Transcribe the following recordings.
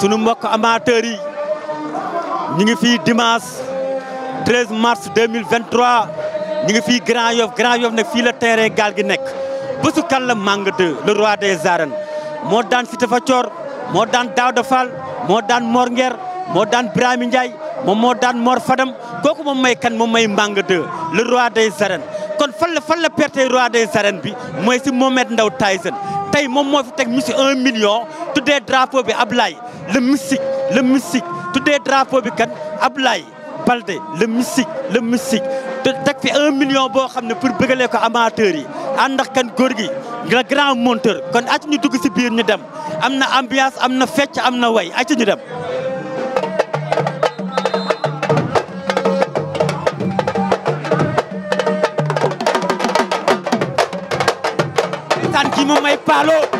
sunu mbokk amateurs yi ñu ngi fii dimanche 13 mars 2023 ñu ngi fii Grand Yoff Grand Yoff nag fii la terrain gaal gi nekk bésu kan la Manga 2 le roi des arènes moo daan Siteu Fathior moo daan Daouda Fall moo daan Mor nger moo daan Birame Ndiaye moom moo daan Mor Fadam kooku moom may kan moom may Manga 2 le roi des arènes kon fan la fan la perte roi des arènes bi mooy si Mohamed Ndao Tyson tey moom moo fi teg monsieur un million tuddee drapeau bi Ablaye le mystique le mystique tuddee drapo bi kan Ablaye Balde le mystique le mystique teg fi un million boo xam ne pour bëggalee ko amateurs yi ànd ak kan góor gi le grand monteur kon at ñu dugg si biir ñu dem am na ambiance am na fecc am na way at ñu dem. tànn kii moom may paalo.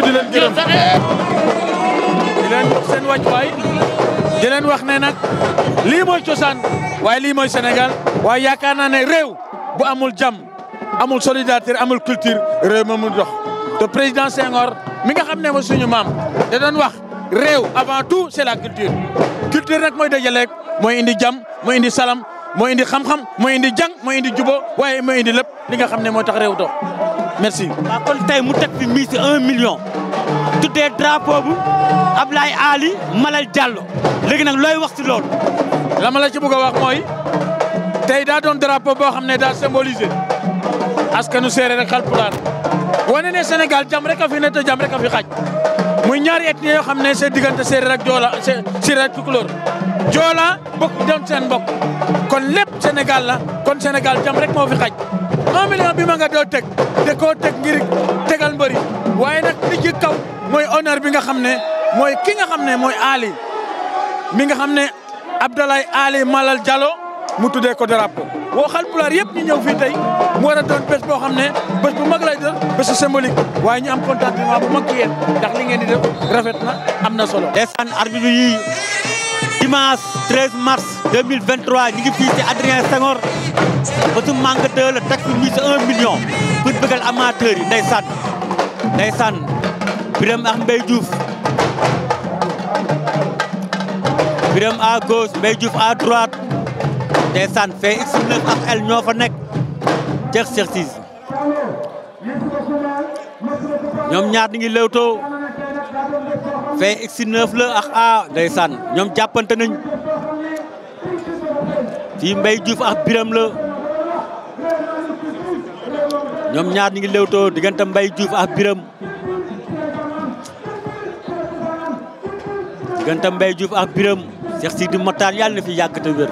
nuyu di seen wàccuwaay di leen wax ne nag lii mooy cosaan waaye lii mooy Sénégal waaye yaakaar naa ne réew bu amul jàmm amul solidarité amul culture réew ma mu dox te président Senghor mi nga xam ne mooy suñu maam da doon wax réew avant tout c'est la culture culture nag mooy dajaleeg mooy indi jàmm mooy indi salam mooy indi xam-xam mooy indi jang mooy indi jubo waaye mooy indi lépp li nga xam ne moo tax réew dox merci. waaw kon tey mu teg fi mise un million. tuddee drapeau bu Ablaye Ali Malal Diallo léegi nag looy wax ci la ma ci bug a wax mooy tey daa doon drapeau boo xam ne daa symboliser askanu séeréer ak Haalpulaar wane ne Sénégal jàmm rek a fi ne te jàmm rek a fi xaj muy ñaari ethnie yoo xam ne seen diggante séeréer ak joola séeréer ak tukulóor joola bokk doon seen mbokk kon lépp Sénégal la kon Sénégal jàmm rek moo fi xaj. un million bi ma nga doo teg de koo teg ngir tegal mbëri waaye nag li ci mooy honneur bi nga xam ne mooy ki nga xam ne mooy Ali mi nga xam ne Abdoulaye Ali Malal Diallo mu tuddee ko drapeau woo Haalpulaar yëpp ñu ñëw fii tey mu war doon bés boo xam ne bés bu mag lay doon bésu symbolique waaye ñu am contentement bu mag ci yéen ndax li ngeen di rafet na am na solo. des an arbitre yi dimanche mars 2023 ñu ngi fii ci Adrien Senghor bésu Manga 2 la teg fi mise 1 million pour bëggal amateur yi ndeysaan ndeysaan Birame ak Mbaye Diouf Birame à gauche Mbaye Diouf à droite ndeysaan fee X9 ak L ñoo fa nekk jeex Cheikh Cissé ñoom ñaar ñu ngi lewtoo fee si 9 la ak A ndeysaan ñoom jàppante nañ fii mbay Diouf ak Biram la ñoom ñaar ñi ngi lewtoo diggante mbay Diouf ak Biram diggante Mbaye Diouf ak Biram Cheikh Sidi Mokhtar yàlla na fi yàgg te wér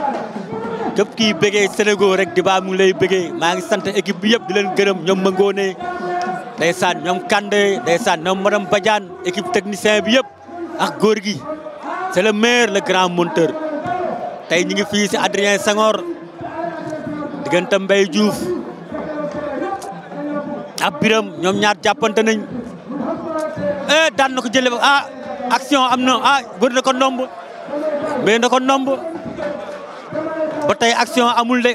képp kii bëggee Sénégal rek di baa mu lay bëggee maa ngi sant équipe bi yëpp di leen gërëm ñoom mëngoo ndeysaan ñoom Kandé ndeysaan ñoom madame Badiane équipe technicien bi yëpp ak góor gi c'est le maire le grand monteur tey ñu ngi fii si Adrien Senghor diggante Mbaye Diouf ak ñoom ñaar jàppante nañ eh daan na ko jëlee ah action am na ah wër na ko ndomb mbéy na ko ndomb ba tey action amul de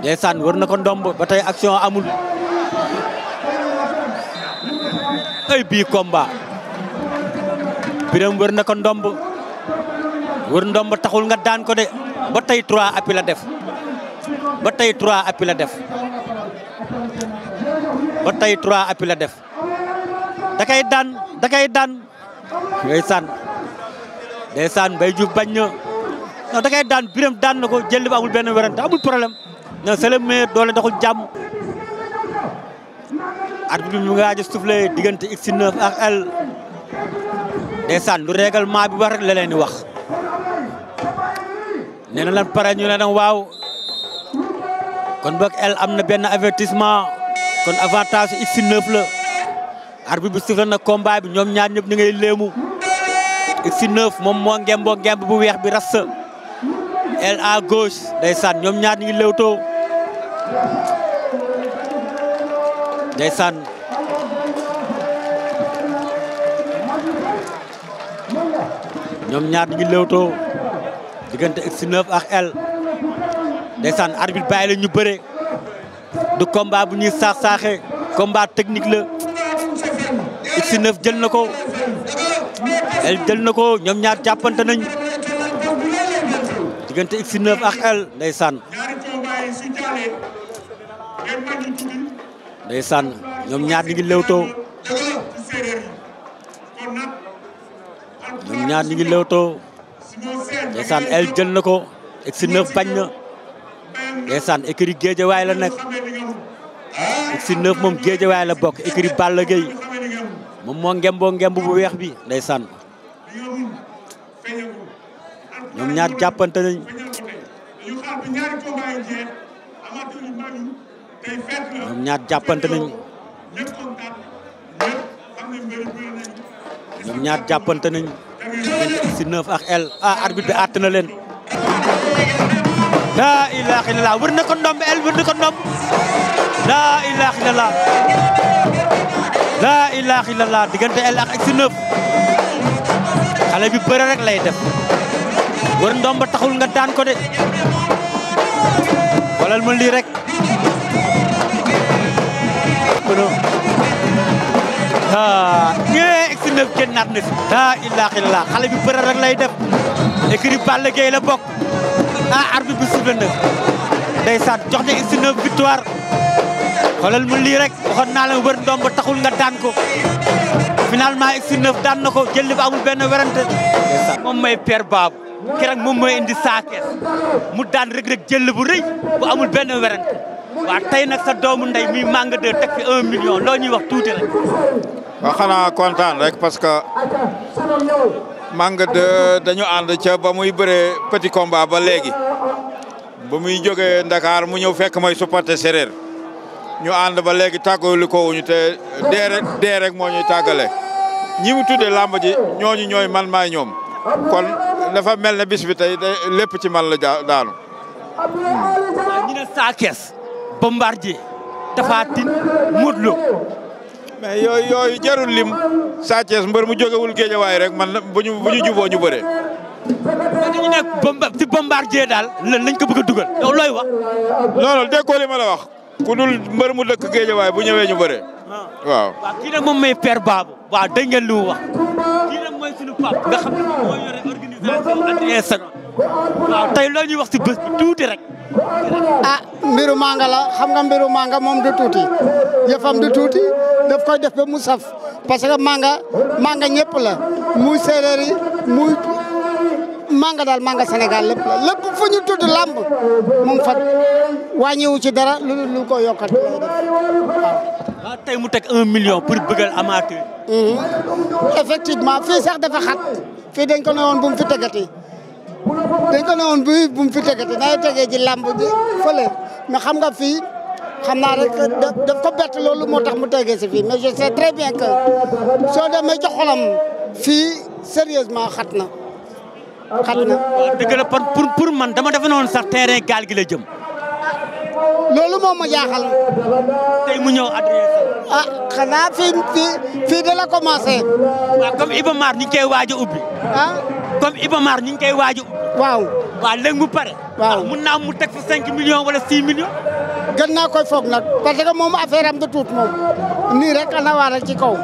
ndeysaan wër na ko ndomb ba tey action amul ay bii combat biram wër na ko ndomb wër ndomb taxul nga daan ko de ba tey trois appui la def ba tey trois appui la def ba tey def da daan da kay daan ndeysaan ndeysaan bay ju bañ na non da daan biram daan na ko jël ba amul benn werante amul problème non c'est le meilleur doole doxul jàmm arbitre bi mu ngi diggante X9 ak L ndeysaan lu règlement bi wax rek la leen di wax nee na lan pare ñu ne waaw kon boog L am na benn avertissement kon avantage X9 la arbitre bi soufflé na combat bi ñoom ñaar ñëpp ñu ngay léemu X9 moom moo ngemboo ngemb bu weex bi ras L à gauche ndeysaan ñoom ñaar ñu ngi léewtoo ndeysaan ñoom ñaar ñu ngi lewtoo diggante X9 ak L ndeysaan arbitre bàyyi la ñu bëre du combat bu ñuy saax saaxe combat technique la X9 jël na ko L jël na ko ñoom ñaar jàppante nañ diggante X9 ak L ndeysaan ndeysaan ñoom ñaar ñi ngi lewtoo ñoom ñaar ñi ngi lewtoo ndeysaan el jël na ko ek si neuf bañ na ndeysaan écurie la nekk ek si neuf moom Géejawaay la bokk écurie Balla Gaye moom moo ngemboo ngemb bu weex bi ndeysaan ñoom ñaar jàppante nañ ñoom ñaar jàppante nañ ñoom ñaar jàppante nañ si neuf el ah arbitre bi àtt na leen laa ilaaha illallaah wër ko ndomb el wër na ko ndomb laa ilaaha illallaah laa ilaaha illallaah diggante el ak si neuf xale bi bëre rek lay def wër ndomb taxul nga daan ko de walal ma lii rek kono ñee egsi naat na fi la ilaha xale bi bëre rek lay def écrit Balla Gaye la bokk a arbitre bi sifflé na ndeysaan jox na egsi victoire xoolal mu lii rek waxoon naa la wër ndomb taxul nga daan ko finalement egsi neuf daan na ko jël li ba amul benn werante moom mooy père Babou keroog moom mooy indi saakees mu daan rek rek jël bu rëy bu amul benn werante waaw tey nag sa doomu ndey mi Manga 2 teg fi million loo ñuy wax tuuti rek. waaw xanaa kontaan rek parce que Manga 2 dañu ànd ca ba muy bëree petit combat ba léegi ba muy jógee ndakaar mu ñëw fekk may supporter séeréer ñu ànd ba léegi tàggoolu ko wuñu te dee rek moo ñuy tàggale ñi mu tuddee làmb ji ñooñ ñooy man maay ñoom kon dafa mel ne bis bi tey lépp ci man la daanu. ñu ne saa Bombardier Tapha Tine Modou Lo mais yooyu yooyu jarul lim Sa Thiès mbër mu jógewul géejawaay rek man bu ñu bu ñu juboo ñu bëre mais dañu nekk bomba ci Bombardier daal lan lañ ko bëgg a dugal yow looy wax non non déggoo li ma la wax ku mbër mu dëkk géejawaay bu ñëwee ñu bëre ah. waaw waaw kii nag moom mooy père Babou waaw dégg lu wax kii nag mooy suñu pap nga xam ne moo yore organisation ak waaw tey loo ñuy wax ci bés bi rek ah mbiru manga la xam nga mbiru manga moom du tuuti yëfam du tuuti daf koy def ba mu saf parce que manga manga ñëpp la muy séeréer muy manga daal manga Sénégal lépp la lépp fu ñu tudd làmb mu ngi fa wàññiwu ci dara lu lu ko yokkat lay ah, def tey mu teg un million pour bëggal amateur hmm. effectivement fii sax dafa xat fii dañ ko ne woon bu mu fi tegati dañ ko ne bu bu mu fi tegate nay tegee ji làmb ji fële mais xam nga fii xam naa rek daf ko loolu moo tax mu tegee si fii mais je sais très bien que soo demee ci xolam fii sérieusement xat na xat na dëgg la pour pour man dama defe noonu sax terrain gaal gi la jëm loolu moom ma jaaxal tey mu ñëw adresse ah xanaa fii fii fii da la commencé waaw Iba Mar ñu ngi koy ubbi ah comme Iba Mar ñu ngi koy waaju waaw waaw léegi mu pare waaw mun naa mu teg fa cinq millions wala six millions gën naa koy foog nag parce que moom affaire am du tuut moom nii rek ana waa rek ci kaw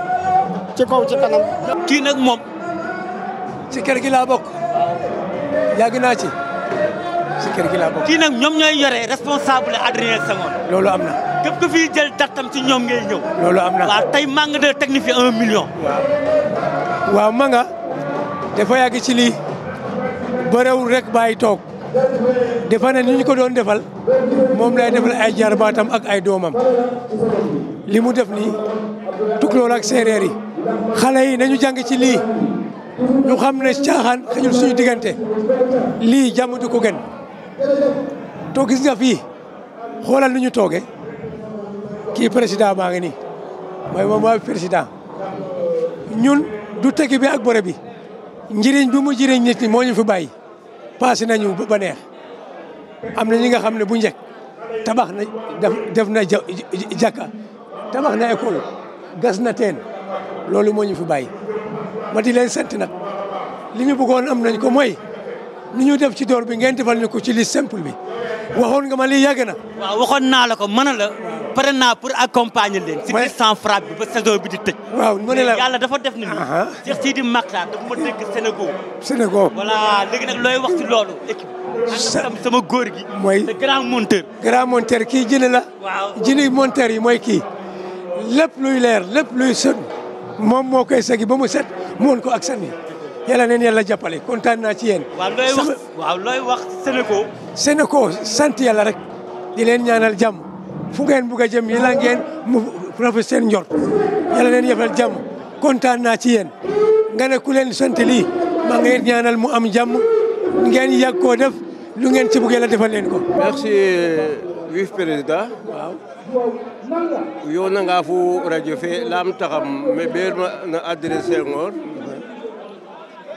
ci kaw ci kanam kii nag moom ci kër gi laa bokk yàgg naa ci ci kër gi laa bokk kii nag ñoom ñooy yore responsable Adrien Senghor loolu am na képp ku fi jël datam ci ñoom ngay ñëw loolu am na waaw tey Manga de teg na fi un million waaw waaw Manga dafa yàgg ci lii barewul rek bàyyi toog defe na ñu ko doon defal moom lay defal ay jarbaatam ak ay doomam li mu def nii tukloor ak séeréer yi xale yi nañu jàng ci lii ñu xam ne caaxaan xajul suñu diggante lii jàmm du ko gën toogis gis nga fii xoolal nu ñu tooge kii président baa ngi nii mooy moom mooy président ñun du tekki bi ak bore bi njëriñ bi mu jëriñ nit ñi moo ñu fi bàyyi passé nañu ba am na ñi nga xam ne bu njëkk tabax na def na jàkka tabax na école gas na teen loolu mooñu ñu fi bàyyi ma di leen sant nag li ñu bëggoon am nañ ko mooy ni ñu def ci door bi ngeen defal ñu ko ci li simple bi waxoon nga ma li yàgg na. naa la ko mën la. pare naa pour accompagner leen. si biir sans frappe bi ba saison bi di tëj. waaw mu ne la yàlla dafa def ni. Cheikh Sidi Makhtar dafa ma dégg Sénégal. Sénégal voilà léegi nag looy wax sama góor gi. mooy grand monteur. grand kii jënd la. waaw jëndi monteur yi mooy kii. lépp luy leer lépp luy moom moo koy segi ba mu set moon ko ak sànni. yàlla neen jàppale kontaan naa ci yéen. waaw looy waaw looy wax Sénégal. Sénégal sant yàlla rek. di leen ñaanal jàmm. fu ngeen bugg a jëm yàlla ngeen leen yefal jàmm kontaan naa ci yéen nga ne ku leen sant lii maa ngi ñaanal mu am jàmm ngeen yàgg koo def lu ngeen ci bugg yàlla defal leen ko merci vice président waaw yo nanga fo radio fe lam taxam me ɓeer na adressé ngor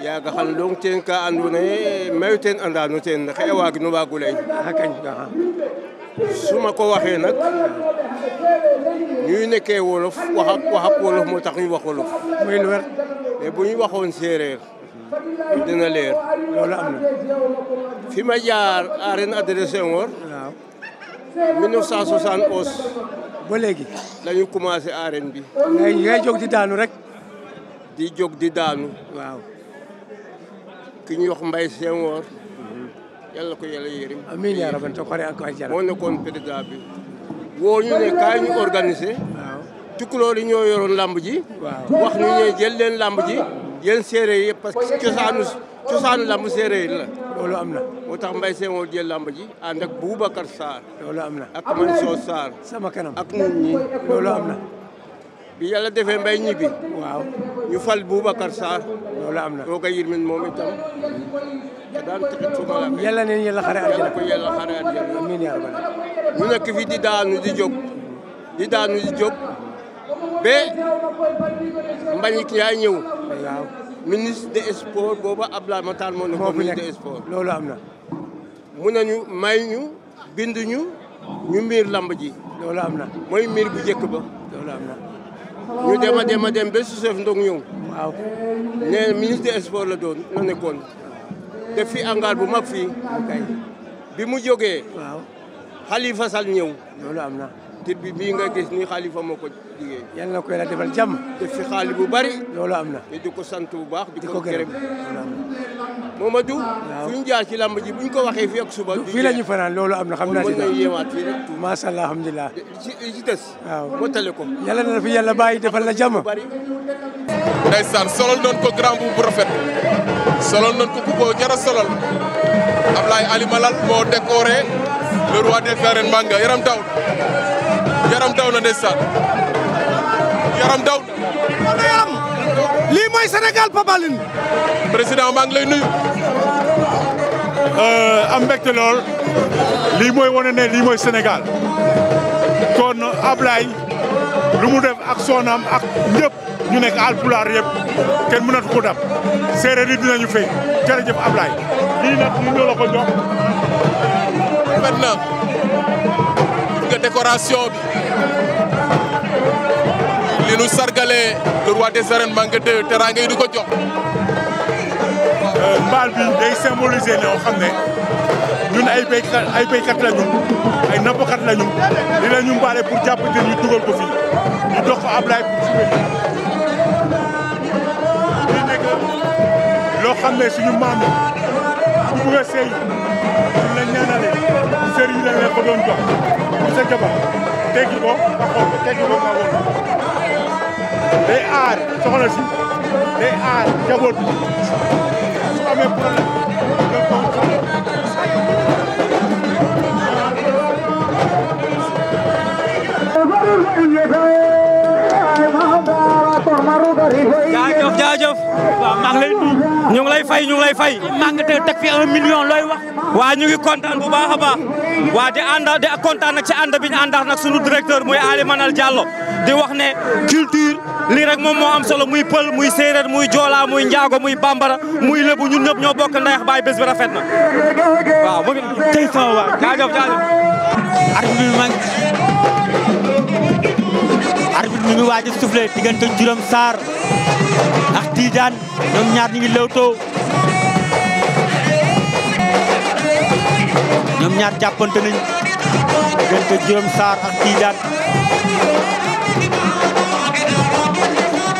yaga xam dong ten ka andoona yee mayu ten andano ten xaye waagino waag o lay su ma ko waxee nag ñuy nekkee wolof wax wolof moo tax ñu wax wolof. muy lu wér. mais waxoon séeréer dina leer. loolu am na. fi ma jaar arène adressé Senghor. waaw. 1971. ba léegi. la ñu commencé arène bi. ngay ngay jóg di daanu rek. di jog di daanu. ki ñuy wax Mbaye Senghor. yàlla ko yàlla yërëm. amiin yaa rabbi woo ñu ne kaay ñu organiser. waaw ñoo yoroon làmb ji. waaw wax ñu ne jël leen làmb ji. yéen séeréer yi yëpp parce que cosaanu cosaanu làmb séeréer yi la. loolu am na. moo tax Mbaye Sène moo jël làmb ji ànd ak Boubacar Sarr. loolu am na ak Mansour Sarr. sama kanam ak ñun ñi. loolu am bi yàlla defee mbay ñibbi. ñu fal Boubacar Sarr. loolu am na. kooka yërmën moom itam. daan tëkkat fu ma yàlla na yàlla xare àjjana ko yàlla xare àjjana amiin yaa rabal ñu di daanu di jóg di daanu di jóg ba Mbagnick Ndiaye ñëw. ministre des sports booba Abdoulaye Matar moo nekkoon ministre des sports loolu am na. mu nañu may ñu bind ñu ñu miir lamb ji. loolu am na mooy miir bu njëkk ba ñu dem a dem a dem ba su chef ndong ñëw. waaw nee ministre la doon la nekkoon. def fi hangar bu mag fii. bi mu jógee. waaw Khalifa Sall ñëw. loolu am na. tit bi bii nga gis ni xaalifa moko ko yal na ko yàlla defal jàmm. def fi xaalis bu bari. loolo am na te di ko sant bu baax. di ko gërëm Momadou. waaw fu ñu jaar ci làmb ji bu ko waxee fii ak suba. fii ñu fanaan loolu am na xam naa ci. mën na yéemaat fii allah alhamdulilah. ci des. waaw mottale ko. yàlla na la fi yàlla bàyyi defal la jàmm. ndeysaan solol doon ko grand bu rafet solol doon ko ku ko jara solol Ablaye Ali Malal moo décoré le roi des Manga yaram daw yaram daw na ndeysaan yaram daw na yaram lii mooy Sénégal Papa Line président nuyu euh, am mbégte lool lii mooy wane ne mooy Sénégal kon Ablaye lu mu def ak soonam ak ñëpp ñu nekk alpulaar yëpp kenn mënatu ko dab séeréer yi dinañu fay jërëjëf Ablaye lii nag ñu ñoo la ko jox maintenant nga décoration bi li nu sargalee le roi des arènes Manga 2 teraanga yi du ko jox. Euh, mbaal bi day symboliser loo xam ne ñun ay béykat ay béykat ñu ay nappkat la ñu li la mbaale pour jàpp te ñu ko fii ñu dox ko Ablaye pour suba ñu. loo xam ne suñu maam yi su bëgg a seey suñ la ñaanalee. sëriñ la leen ko doon jox sa jabar teggi ko nga xool ko teggi ko nga xool ko day aar soxna si day aar jaboot bi su amee problème nga xool jaajëf jaajëf waaw maa ngi lay ñu lay fay ñu ngi lay fay. maa ngi tey million looy wax. waa ñu ngi kontaan bu baax a baax waa di ànd di kontaan nag ci ànd bi ñu àndax nag sunu directeur muy Ali Manal Diallo di wax ne culture lii rek moom moo am solo muy pël muy séeréer muy joola muy njaago muy bambara muy lébu ñun ñëpp ñoo bokk ndayax baay bés bi rafet na waaw mu ngi tey sama waa jaajëf jaajëf ñu ngi waaj a soufflé diggante Djuram Sarr ak Tidiane ñoom ñaar ñu ngi lewtoo ñoom ñaar jàppante nañ diggante Djuram Sarr ak Tidiane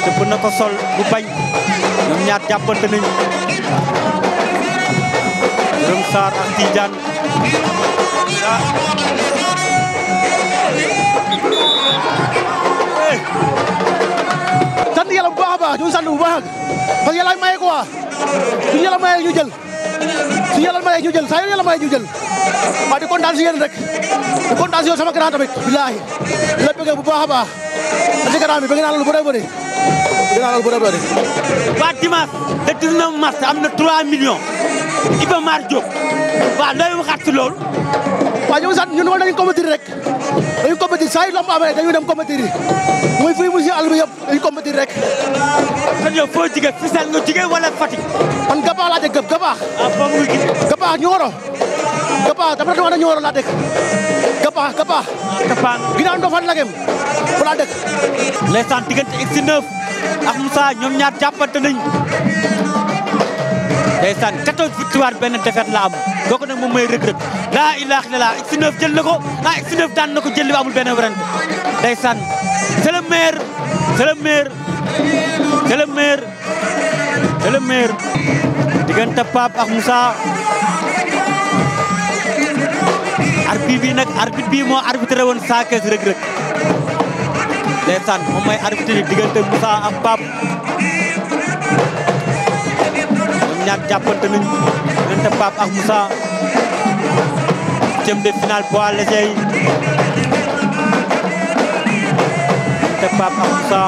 dëpp na ko sol bu bañ ñoom ñaar jàppante nañ Djuram Sarr ak Tidiane sant yàlla bu baax a baax ñu sant bu baax parce que yàlla maye quoi su yàlla maye ñu jël su yàlla maye ñu jël saa yu yàlla maye ñu jël waaw di kontaan si yéen rek di kontaan si yow sama grand tamit billaahi di la bëgg bu baax a baax si grand bi bëgg naa la lu bëree bëri bëgg naa la lu bëree bëri waa dimanche le 19 mars am na 3 millions Iba Mar Diop waaw nooy waxaat si loolu waaw ñu ngi sant ñun war nañu compétir rek dañu compétir saa yu lamb amee dañu dem compétir yi muy fii mu si àll bi yëpp dañu compétir rek. kon yow foo jigéen Fissel nga jigéen wala Fatick. man Gapaax laa dëkk Gapaax. ah foofu nga gis. Gapaax Nioro Gapaax dafa doon wax ne Nioro laa dëkk Gapaax Gapaax. Gapaax ah, ginnaaw Ndofane la gëm fa laa dëkk. les sant ñoom ñaar jàppante nañu. ndeysaan 14 victoire benn défaite la am kooku nag moom mooy Reug Reug laa ilaaha illallaah X9 jël na ko ah daan na ko jël li amul benn werante ndeysaan c'est le maire c'est le maire c'est le maire c'est moo arbitré woon saa kees Reug Reug ndeysaan moom mooy arbitre diggante Moussa ak ñoom ñaar jàppante nañ diggante Pape ak Moussa huitième de finale poids léger yi diggante Pape ak Moussa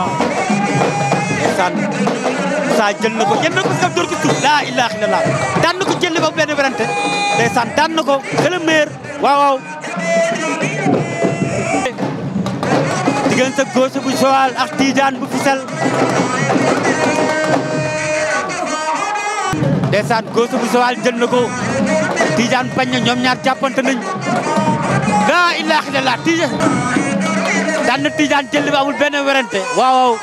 ndeysaan jël na ko jël na ko si dóor ko suuf laa ilaaha illallaah daan na ko jël ba benn werante ndeysaan daan na ko gën a meer waaw waaw bu Joal ak Tidiane bu Fissel ndeysaan góosu bu sowal jël na ko Tidiane bañ na ñoom ñaar jàppante nañ laa ilaaha da Tidiane daan na Tidiane jël ba amul benn werante waaw waaw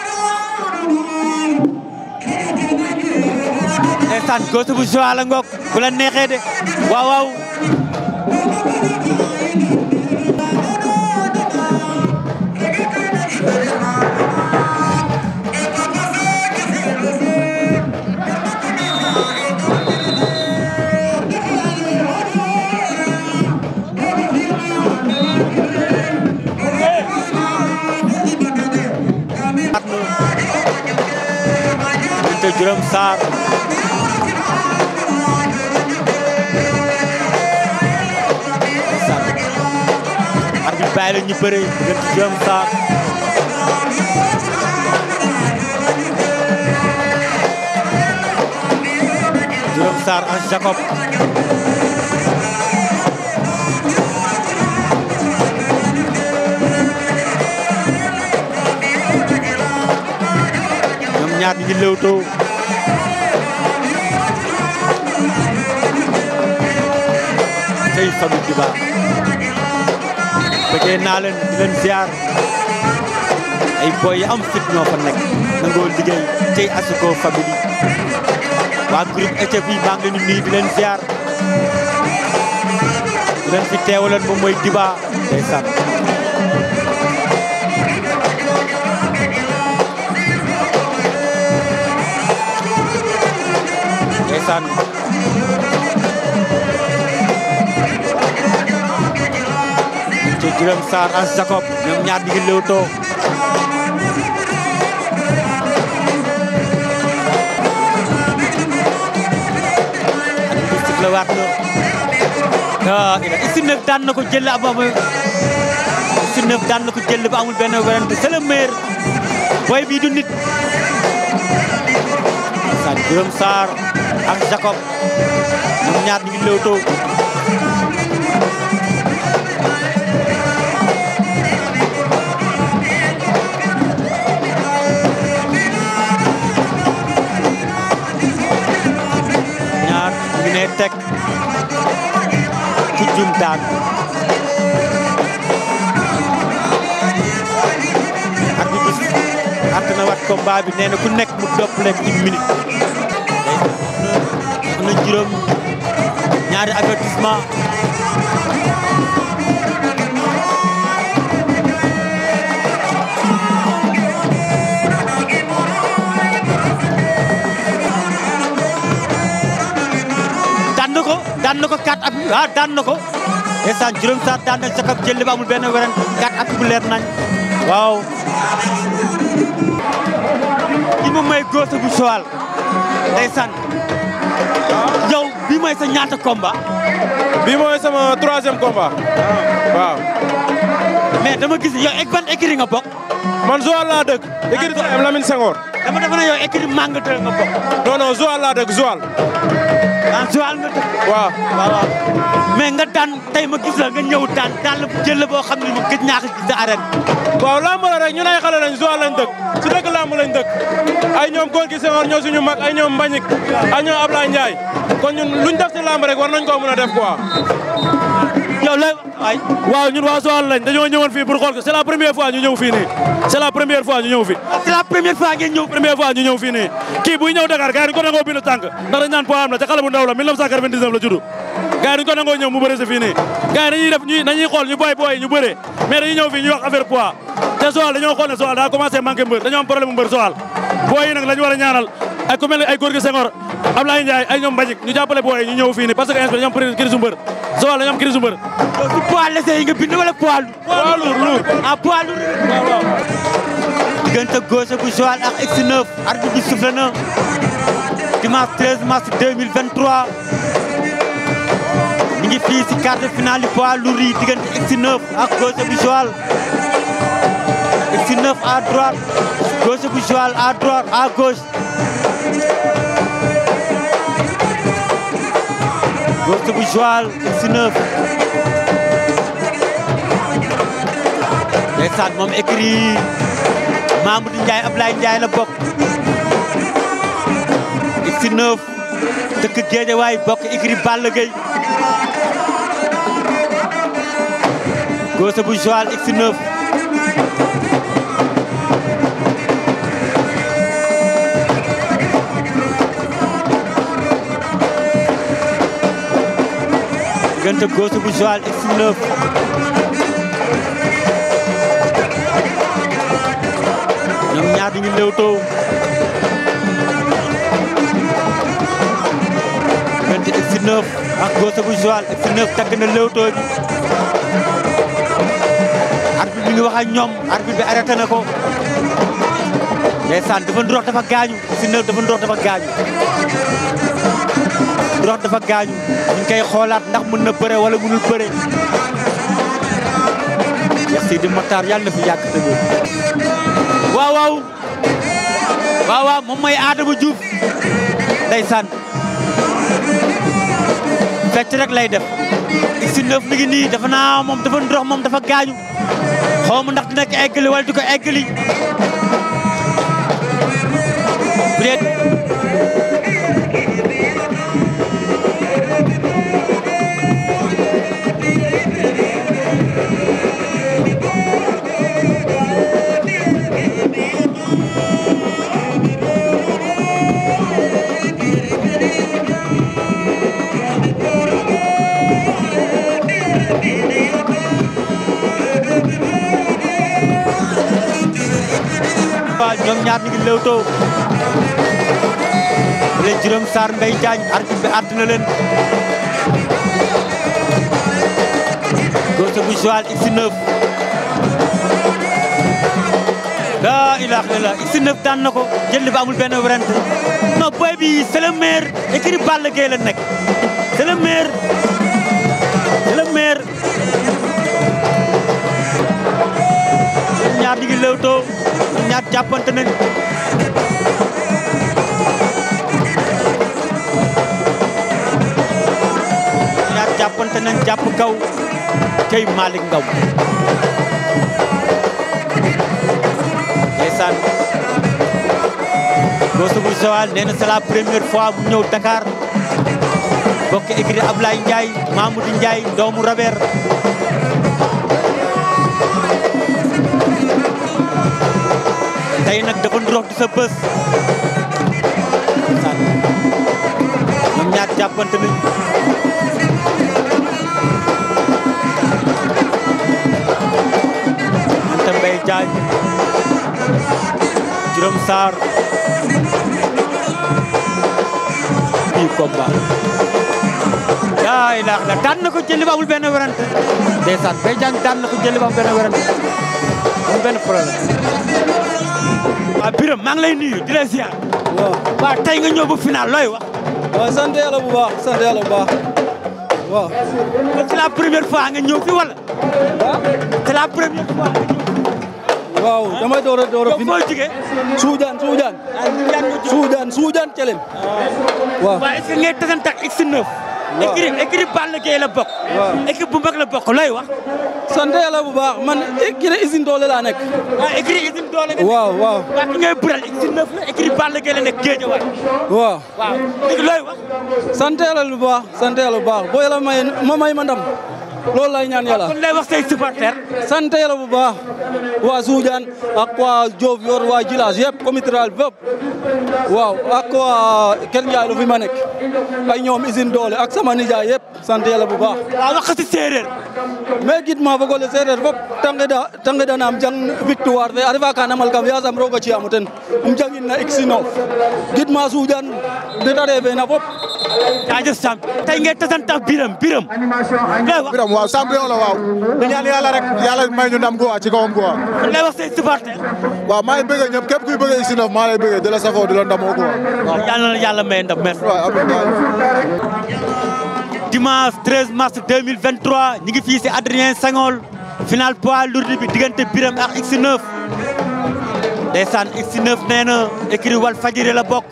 ndeysaan bu sowal a ngoog la neexee de waaw Birame Sarr arbitre bàyyi la ñu bëre diggante Birame Sarr Birame Sarr Ange Jacob ñaar ñi ngi lewtoo ndey Fadou Diba bëggee naa leen di leen ziar ay boy yi am fit ñoo fa nekk nangoo liggéey tey Asiko famille waa groupe ETF maa ngi leen di nuyu di leen ziar di leen fi Diba day Birame Sarr As Jacob ñoom ñaar ñu ngi lewtoo la waat la Issou Neuf daan na ko jël ab am Issou Neuf daan na ko jël ba amul benn werante c'est le maire booy bii du nit sa Birame Sarr ak Jacob ñoom ñaar ñu ngi lewtoo ne teg ku jum ak na wat combat bi nee ku nekk mu doppaleeg une minute day na juróom ñaari avertissement daan na ko 4 appuis waaw ah, daan na ko ndeysaan juróom saa daan na sa kap jël ba amul benn weren 4 appuis bu leer nañ waaw ki ma may góosa bu sowal ndeysaan yow bi mooy sa ñaata combat bi mooy sama troisième combat ah. waaw mais dama gis yow ek ban écurie nga bokk man Joal laa dëkk ah, écurie am Lamine Senghor dama defe ne yow écurie Manga 2 nga bokk non non laa dëkk Joal ah si wàll nga waaw waaw. mais nga daan tey ma gis la nga ñëw daan daan la jël la boo xam ne mu gëj naa ko gis sa arène. waaw lamb la rek ñun ay xale lañ Joal lañ dëkk su dëkk lamb dëkk ay ñoom góor gi Senghor ñoo suñu mag ay ñoom Mbagnick ay ñoom Ablaye Ndiaye kon ñun luñ def si lamb war nañ koo mën a def quoi. yow ñun waa Joal lañ dañoo ñëwoon fii pour xool c'est la première fois ñu ñëw fii nii c'est la première fois ñu ñëw fii c'est la ñu ñëw Dakar gars yi ko nangoo bindu tànk ndax dañ naan poids am la te xale bu ndaw la 1999 la judd gars yi ko nangoo ñëw mu bëre si fii nii gars ñu dañuy xool ñu booy booy ñu bëre mais dañuy ñëw fii ñuy wax affaire poids te Joal dañoo xool ñu jàppale booy ñu ñëw fii nii parce que instant ñoom prise crise mbër Joal dañoo am crise mbër. si poids léger yi nga bind wala poids lourd. poids lourd ah poids lourd. waaw waaw. bu Joal ak X9. arbitre bi soufflé na dimanche 13 mars 2023 mi ngi fii si quart de finale poids lourd yi diggante X9 ak gauche bu Joal. X9 à droite gauche bu Joal à droite à gauche. Ghost bu Joal X9 ndeysaan moom écrit Mamadou Ndiaye Ablaye Ndiaye la bokk X9 dëkk Guédiawaye bokk écrit Balla Gaye Ghost bu Joal X9 diggante Gosou bu Joal X9 ñoom ñaar ñu ngi lewtoo diggante X9 ak Gosou bu Joal X9 bi bi ngi wax ak ñoom arbitre bi arrêté na ko ndeysaan dafa dafa gaañu X9 dafa ndorox dafa gaañu rox dafa gaañu ñu ngi koy xoolaat ndax mën na bëre wala mënul bëre Cheikh Sidi Mokhtar yàlla na fu yàgg te waaw waaw waaw waaw moom mooy Adama Diouf ndeysaan fecc rek lay def X9 mi ngi nii dafa naa moom dafa ndox moom dafa gaañu xaw ndax dina ko eggali wala du ko eggali peut combat ñoom ñaar ñu ngi lewtoo le juróom Sarr Mbaye Diagne arbitre bi àtt na leen góosa bu Joal X9 laa ilaaha illallaah X9 daan na ko jël ba amul benn werante non boy bi c'est le maire écrit Balla la nekk c'est ñu ngi lewtoo ñaar jàppante nañ ñaar jàppante jàpp kaw tey Malick Ngaw ndeysaan Goussou bu Joal nee na c'est la première fois mu ñëw Dakar bokk écurie Ablaye Ndiaye Mamoudou Ndiaye doomu tey nag dafa ndurox di sa bës ñoom ñaar jàppante nañ Anta Mbaye Diagne Jérôme Sarr bii combat la daan na ko ba amul benn werante ndeysaan Mbaye Diagne daan na ko jëli ba amul benn werante amul benn problème a Birame maa lay nuyu di la ziar. waaw waaw tey nga ñëw ba looy wax. waaw sant yàlla bu baax sant yàlla la première fois nga ñëw fi wala. waaw la première fois nga ñëw. waaw damay door a door a. foo jugee. Suudaan Suudaan. Suudaan Suudaan Thielem. waaw waaw est-ce que ngay tasante ak waaw équipe équipe Balla Gaye la bokk. waaw équipe bu mag la baax man équipe usine doole laa nekk. Ah, waaw waaw waaw waaw la nekk géej waay. waaw waaw léegi looy wax. sant bu baax sant yàlla bu ma loolu lay ñaan yàlla kon lay wax say supporter sant bu baax waa Soudiane ak waa Diop yor waa village yëpp comitéral bépp waaw ak waa Kër Ndiaye lu ma nekk ay ñoom usine doole ak sama nijaay yëpp sante yàlla bu baax waaw wax si séeréer mais gid ma fogole séeréer fop tangeda tangeda naam jang victoire fe a refa ka namal kam yasam roga ci'amo ten um jangin na ik sinof gid ma Soudiane ndeta na fop jaajëf Samb tey ngeen tasante ak Biram Biram. Biram waaw champion la waaw. di ñaan yàlla rek yàlla may ñu ndam quoi ci kawam quoi. lay wax say waaw maa ngi bëgg ñëpp képp kuy bëgg X9 maa lay bëgg di la safoo di la ndamoo quoi. waaw yàlla na may ndam merci. waaw dimanche 13 mars 2023 ñu ngi fii si Adrien Senghor final pois lourd bi diggante Biram ak X9. ndeysaan X9 nee na écurie Walfadjri la bokk.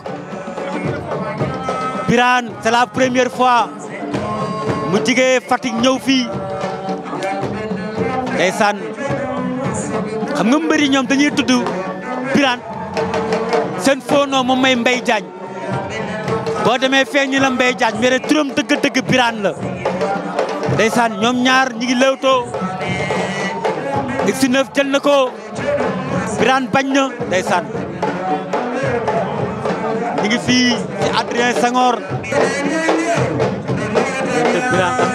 Birane c'est la première fois mu jigee Fatick ñëw fii ndeysaan xam nga mbëri ñoom dañuy tudd seen fóonoo moom may Mbaye Diagne boo demee fee ñu la Mbaye Diagne mais nag turam dëgg-dëgg Birane la ndeysaan ñoom ñaar ñi ngi lewtoo X9 jël na ko Birane bañ na ndeysaan ngi fii ci Adrien Senghor te bilan am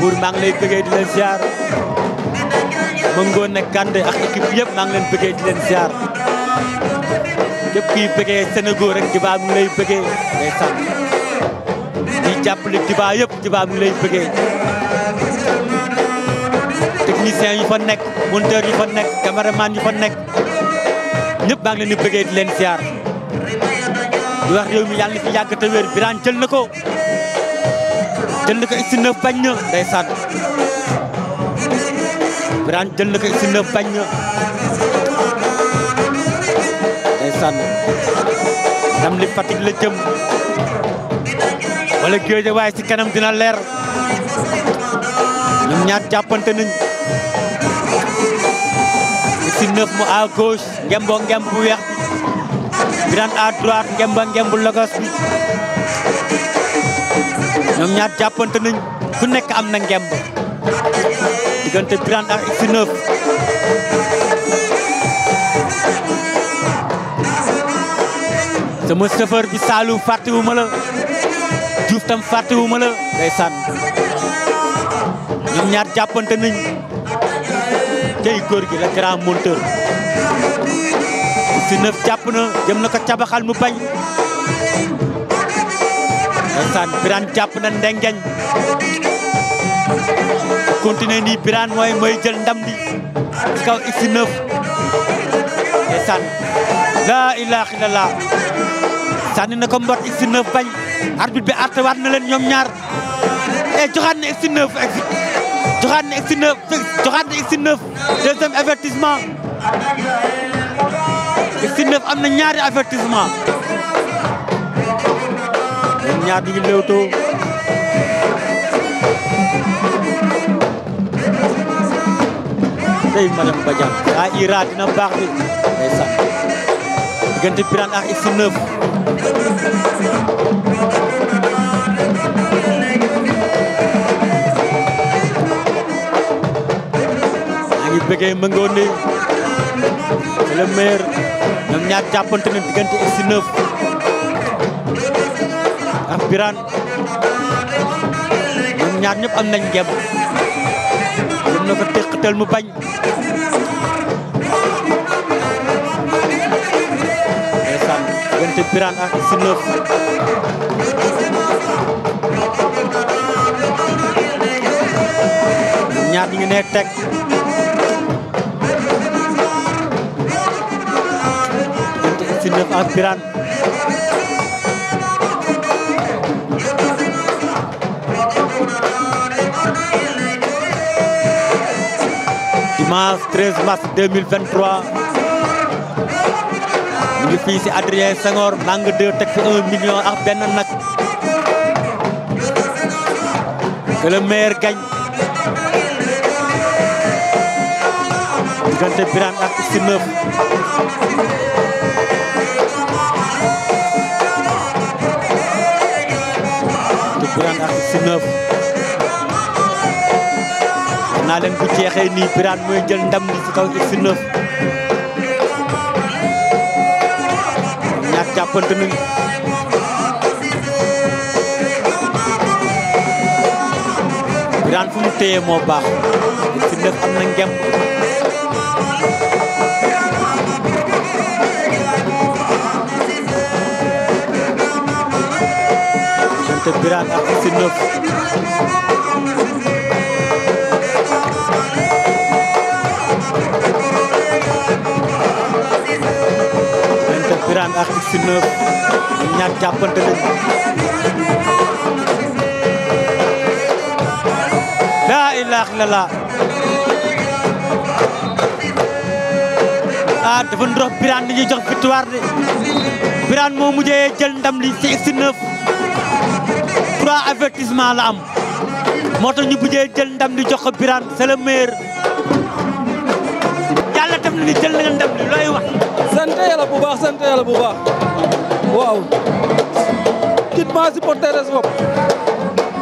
buur maa ngi lay bëggee di leen ziar mëngoon ne Kande ak équipe yëpp maa ngi leen bëggee di leen ziar képp kuy bëggee Sénégal rek Diba mu ngi bëggee ngay sant ñi jàppale Diba yëpp Diba mu ngi bëggee techniciens yi fa nekk yi fa nekk yi fa ñëpp maa ngi leen di bëggee di leen siyaar di wax réew mi yàlla na fi yàgg te wér Birane jël na ko jël na ko X9 bañ na ndeysaan Birane jël na ko X9 bañ na ndeysaan ndam li Fatick la jëm wala Guédiawaye si kanam dina leer ñoom ñaar jàppante nañ 19 mu à gauche ngembo ngemb bu weex bi Birane droite ngemba ngemb logos bi ñoom ñaar jàppante nañ ku nekk am na ngemb diggante Birane ak X9 sama chauffeur bi Saalum fàttewu ma la Diouf tam fàttewu ma la ndeysaan ñoom ñaar jàppante nañ cey góor gi la grand monteur si jàpp na jëm na ko cabaxal mu bañ ndeysaan Birane jàpp na ndengeñ continuer nii Birane mooy mooy jël ndam bi ci kaw si neuf ndeysaan laa ilaaha illallaah sànni na ko mbot si neuf bañ arbitre bi àttewaat na leen ñoom ñaar e joxaat na si joxaat na si joxaat na X9 deuxième avertissement x am na ñaari avertissement ñoom ñaar ñu ngi lewtoo tey madame Badiane a ira dina baax bi day diggante Birane ak x Bégué Mangone le maire ñoom ñaar jàppante na diggante si neuf ak Birane ñoom ñaar ñëpp am nañ ngem ñoom na ko bañ ndeysaan diggante Birane ak si neuf def ak Birane dimanche 13 mars 2023 ñu si Adrien Senghor Langue 2 teg fi 1 million ak nag que le meilleur gagne diggante Birane Birane ak si neuf naa leen bu jeexee nii Birane mooy jël ndam li si kaw si neuf ñaar jàppante nañu Birane fu mu téye moo baax si am na ngem diggante Birane ak Fifty laa ilaaha illallaah ah dafa ndox Birane li ñuy jox de Birane moo mujjee jël ndam li ci Fifty Neuf trois avertissement la am moo tax ñu bujjee jël ndam di jox ko Birane c'est le meilleur yàlla jël ndam li looy wax. sant yàlla bu baax sant yàlla bu baax waaw. tit ma supporter fop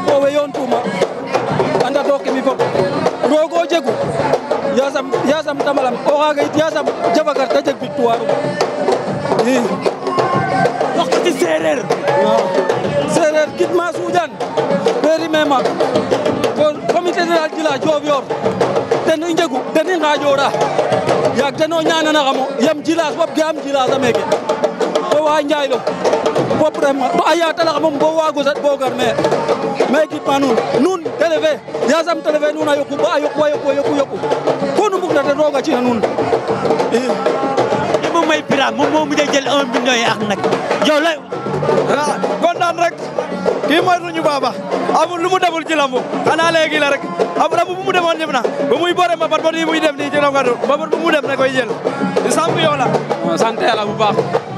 foofe yoontuma anda tooke mi fop roog jegu yasam yasam tamalam o xaaga yit yasam jafagar ta jeg victoire um i wax séeréer sereer gid ma suƴan weeri me maak comité général jila Diofior ten i njegu ten i ngaaƴooɗa yaag ten o ñaananaxam o yam jilas fop ga am jilas a meeke to wa Ndiaylo fop ref ma a yaatalaxam moom bo waago saɗ bo me me gidma nuun nuun télé fe yasam télé fe a yoku ba a yoku a yoku yoku yoku ko nu mbugna ten roog a cina nuun moom mooy Birame moom moo mujj a jël 1 ak nag yow lay kontaan rek kii mooy suñu baaba amul lu mu deful ci lambu la rek am lambu bu mu demoon ñëpp na bu muy boore mbapat ba nii muy dem nii ci longatu mbapat bu dem na koy jël di samp yow la sant yàlla bu baax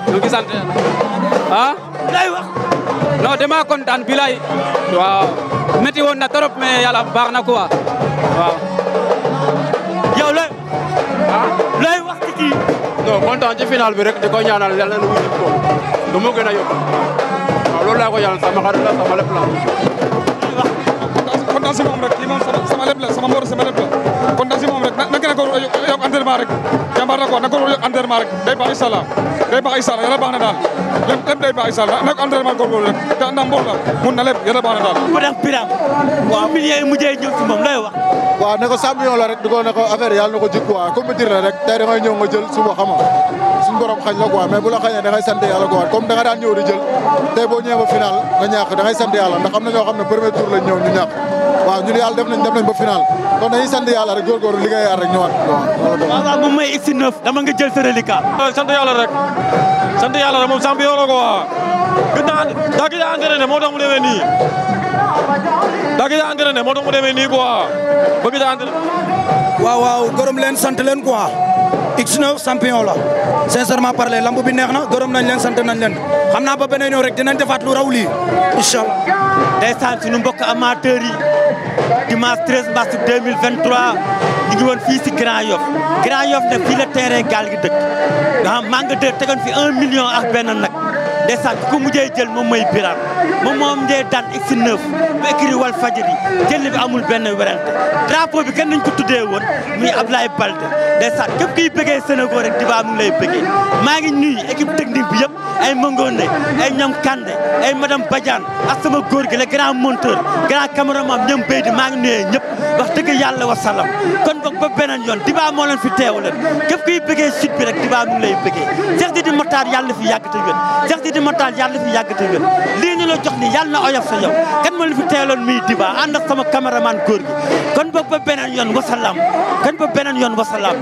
ñoo ngi sant yàlla ah lay kontaan bilay na trop mais yàlla baax na quoi waaw yow lay ah? lay wax ci kii non kontaan ci bi rek di ko ñaanal yàlla na ko du mu gën a loolu laa ko yàlla sama xarit la sama lépp la. kontaan si moom rek kii moom sama lépp la sama mboor sama lépp la kontaan si moom rek na gën a ko yokk entraînement rek jàmbaar na ko na ko yokk entraînement rek day baax incha allah day baax incha allah yàlla daal lépp day baax incha allah na ko entraînement góorgóorlu rek te ndax mboor mun na lépp yàlla baax daal. waaw ne ko champion la rek du ko ne ko na ko jik quoi compétir la rek tey da ngay ñëw nga jël suba xama suñu borom xañ la quoi mais bu la xañee da ngay sant yàlla quoi comme da nga daan na ñu ñàkk def nañ def ba final kon dañuy sant yàlla rek góorgóorlu liggéeyaat rek ñëwaat waaw moom may X9 dama nga jël sa reliquat sant yàlla rek sant yàlla rek moom champion la quoi gën naa daa gën a moo tax mu demee nii daa gëj a entraîné moo tax mu demee nii quoi ba gëj a entraîné. waaw waaw gërëm leen sant leen quoi. X9 champion la sincèrement parler lamb bi neex na gërëm nañ leen sant nañ leen xam na ba beneen yoon rek dinañ defaat lu raw lii incha allah. ndeysaan suñu mbokk amateurs yi dimanche 13 mars 2023 ñu ngi woon fii si Grand Yoff Grand Yoff nag fii la terrain gaal gi dëkk ah maa ngi tegoon fi million ak benn nag. de ku ko mujjee jël moom mooy Birame moom moom njee daan X9 bu écrit wal fajiri jël bi amul benn werante drapeau bi kenn nañ ko tuddee woon muy Ablaye Balde ndeysaan képp kiy bëggee Sénégal rek Diba mu ngi lay bëggee maa ngi nuyu équipe technique bi yëpp ay Mangone ay ñoom Kande ay madame Badiane ak sama góor gi le grand monteur grand caméraman ñoom béy di maa ngi nuyee ñëpp wax dëgg yàlla wa salaam kon boog ba beneen yoon Diba moo leen fi teew leen képp kiy bëggee sud bi rek Diba mu ngi lay Fatima Tall yàlla fi yàgg te wér lii ñu la jox ni yàlla na oyof sa yow kan ma la fi teeloon muy diba ànd ak sama caméraman góor gi kon boog ba beneen yoon wasalaam kon ba beneen yoon wasalaam